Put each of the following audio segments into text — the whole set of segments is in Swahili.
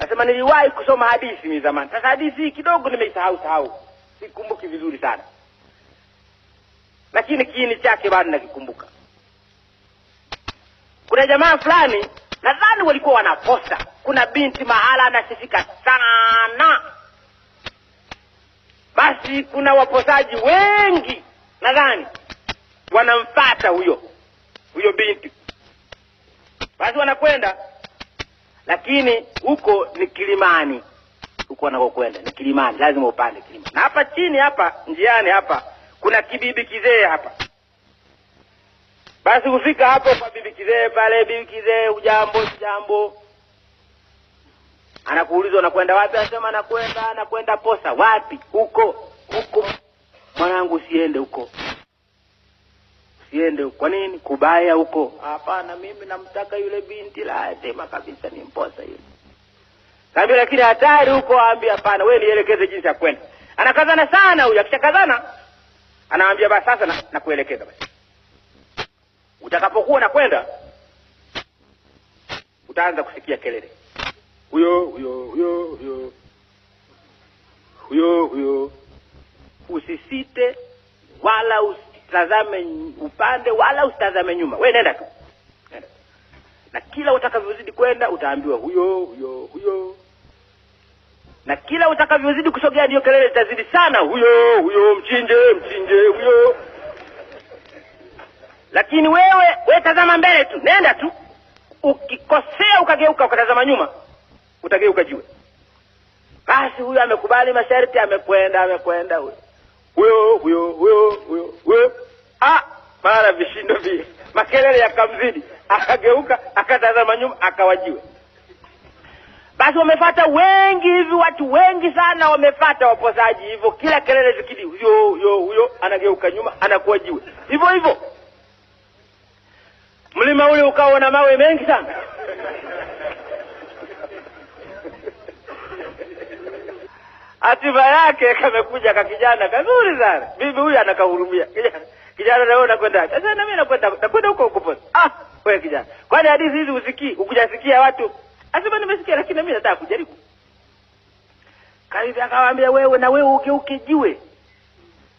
Nasema niliwahi kusoma hadithi mimi zamani. Sasa hadithi hii kidogo nimeisahau sahau, sikumbuki vizuri sana, lakini kiini chake bado nakikumbuka. Kuna jamaa fulani nadhani walikuwa wanaposa, kuna binti mahala anasifika sana. Basi kuna waposaji wengi nadhani wanamfata huyo huyo binti, basi wanakwenda lakini huko ni kilimani, huko anakokwenda ni kilimani, lazima upande kilimani. Na hapa chini hapa njiani hapa kuna kibibi kizee hapa. Basi kufika hapo kwa bibi kizee pale, bibi kizee, ujambo, ujambo, anakuuliza unakwenda wapi? Anasema nakwenda nakwenda posa. Wapi? Huko huko mwanangu, usiende huko usiende. Kwa nini kubaya huko? Hapana, mimi namtaka yule binti, lazima kabisa mposa yule. Kaambia lakini hatari huko. Aambia hapana, wewe nielekeze jinsi ya kwenda. Anakazana sana huyu, akishakazana anaambia basi sasa na, na kuelekeza basi, utakapokuwa nakwenda utaanza kusikia kelele, huyo huyo huyo huyo huyo huyo, usisite wala usi usitazame upande wala usitazame nyuma, we nenda tu, nenda na kila utakavyozidi kwenda utaambiwa huyo huyo huyo, na kila utakavyozidi kusogea ndio kelele zitazidi sana, huyo huyo, mchinje mchinje, huyo. Lakini wewe we tazama mbele tu, nenda tu. Ukikosea ukageuka ukatazama nyuma, utageuka jiwe. Basi huyo amekubali masharti, amekwenda amekwenda huyo huyo huyo huyo huyo huyo, ah, mara vishindo vi makelele yakamzidi, akageuka akatazama nyuma, akawajiwe. Basi wamefata wengi hivi, watu wengi sana wamefata waposaji hivyo, kila kelele zikidi, huyo huyo huyo, anageuka nyuma, anakuwa jiwe hivyo hivyo. Mlima ule ukawa na mawe mengi sana hatima yake kamekuja ka kijana kazuri sana, bibi huyu anakahurumia kijana, nawe nakwenda sasa, nami nakwenda nakwenda huko huko posa. Ah, wewe kijana, kwani hadithi hizi usikii? Ukujasikia watu asema nimesikia, lakini nami nataka kujaribu. Karibi akawaambia wewe, na wewe ugeuke jiwe,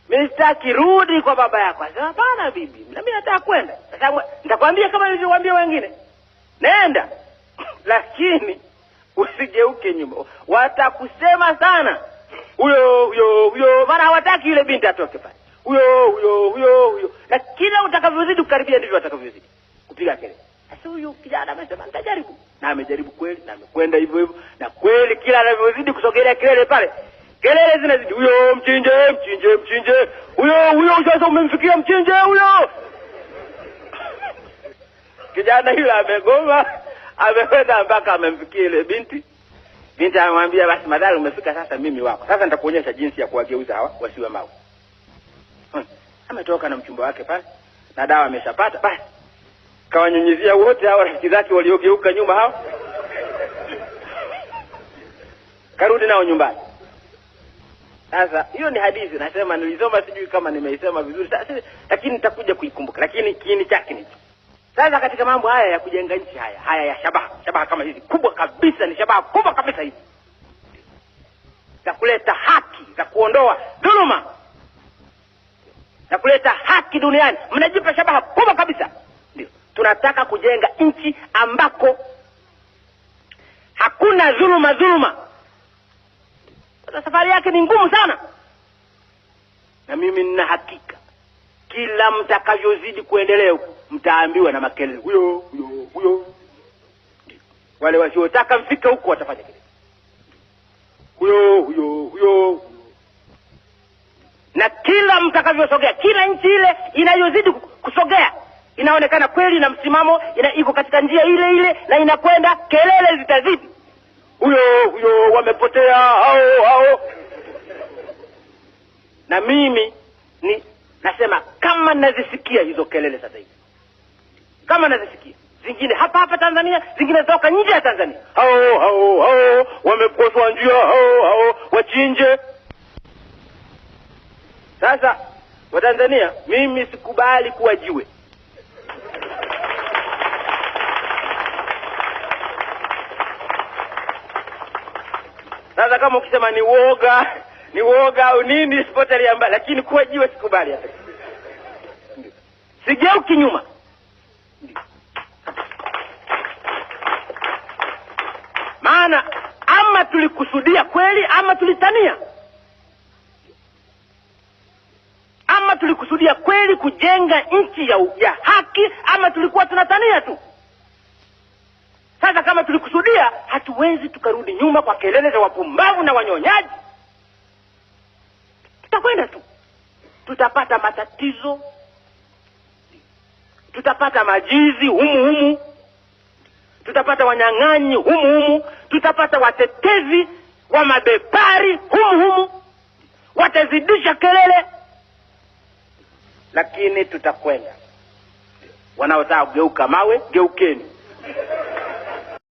mimi sitaki, rudi kwa baba yako. Asema hapana bibi, nami nataka kwenda. Sasa nitakwambia kama nilivyowaambia wengine, nenda lakini usigeuke nyuma, watakusema sana huyo huyo huyo, maana hawataki yule binti atoke pale, huyo huyo huyo huyo, na kila utakavyozidi kukaribia ndivyo atakavyozidi kupiga kelele. Sasa huyu kijana amesema nitajaribu, na amejaribu kweli, na amekwenda hivyo hivyo, na kweli kila anavyozidi kusogelea kelele pale kelele zinazidi, huyo mchinje, mchinje, mchinje, huyo huyo, sasa umemfikia mchinje huyo. Kijana yule amegoma, amekwenda mpaka amemfikia ile binti Nitamwambia basi, madhara umefika sasa, mimi wako sasa, nitakuonyesha jinsi ya kuwageuza hawa wasiwe mawe. Hmm. Ametoka na mchumba wake pale na dawa ameshapata, basi kawanyunyizia wote hawa rafiki zake waliogeuka nyuma hao, karudi nao nyumbani. Sasa hiyo ni hadithi, nasema nilisoma, sijui kama nimeisema vizuri, lakini nitakuja kuikumbuka, lakini kiini chake nicho sasa katika mambo haya ya kujenga nchi, haya haya ya shabaha, shabaha kama hizi kubwa kabisa, ni shabaha kubwa kabisa hizi za kuleta haki, za kuondoa dhuluma, za kuleta haki duniani, mnajipa shabaha kubwa kabisa. Ndio tunataka kujenga nchi ambako hakuna dhuluma. Dhuluma safari yake ni ngumu sana, na mimi nina hakika kila mtakavyozidi kuendelea huku mtaambiwa na makelele, huyo huyo huyo. Wale wasiotaka mfike huko watafanya kile, huyo huyo huyo. Na kila mtakavyosogea, kila nchi ile inayozidi kusogea inaonekana kweli na msimamo ina iko katika njia ile ile na inakwenda, kelele zitazidi, huyo huyo, wamepotea hao hao. Na mimi ni Nasema kama nazisikia hizo kelele sasa hivi, kama nazisikia zingine hapa hapa Tanzania, zingine zinatoka nje ya Tanzania. Hao hao hao wamekoswa njia, hao hao wachinje. Sasa Watanzania, mimi sikubali kuwa jiwe. Sasa kama ukisema ni woga ni woga au nini, sipotelea mbali, lakini kuwa jiwe sikubali hata sigeuki nyuma. Maana ama tulikusudia kweli ama tulitania, ama tulikusudia kweli kujenga nchi ya, ya haki ama tulikuwa tunatania tu. Sasa kama tulikusudia, hatuwezi tukarudi nyuma kwa kelele za wapumbavu na wanyonyaji tutakwenda tu, tutapata matatizo, tutapata majizi humu humu, tutapata wanyang'anyi humu humu, tutapata watetezi wa mabepari humu humu, watazidisha kelele, lakini tutakwenda. Wanaotaka kugeuka mawe, geukeni